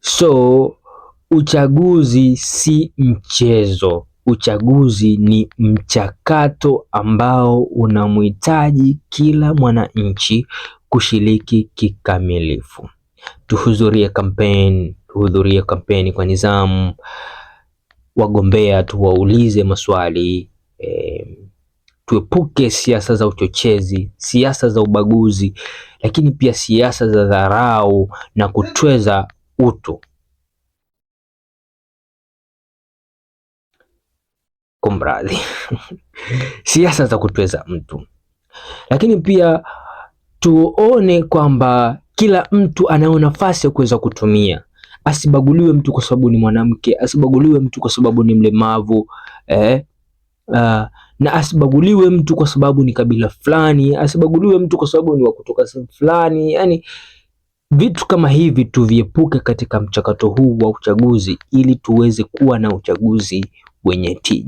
So uchaguzi si mchezo. Uchaguzi ni mchakato ambao unamhitaji kila mwananchi kushiriki kikamilifu. Tuhudhurie kampeni, tuhudhurie kampeni kwa nidhamu. Wagombea tuwaulize maswali e, tuepuke siasa za uchochezi, siasa za ubaguzi, lakini pia siasa za dharau na kutweza utu. Kumradhi, siasa za kutweza mtu, lakini pia tuone kwamba kila mtu anayo nafasi ya kuweza kutumia. Asibaguliwe mtu kwa sababu ni mwanamke, asibaguliwe mtu kwa sababu ni mlemavu eh, uh, na asibaguliwe mtu kwa sababu ni kabila fulani, asibaguliwe mtu kwa sababu ni wa kutoka sehemu fulani, yani Vitu kama hivi tuviepuke katika mchakato huu wa uchaguzi ili tuweze kuwa na uchaguzi wenye tija.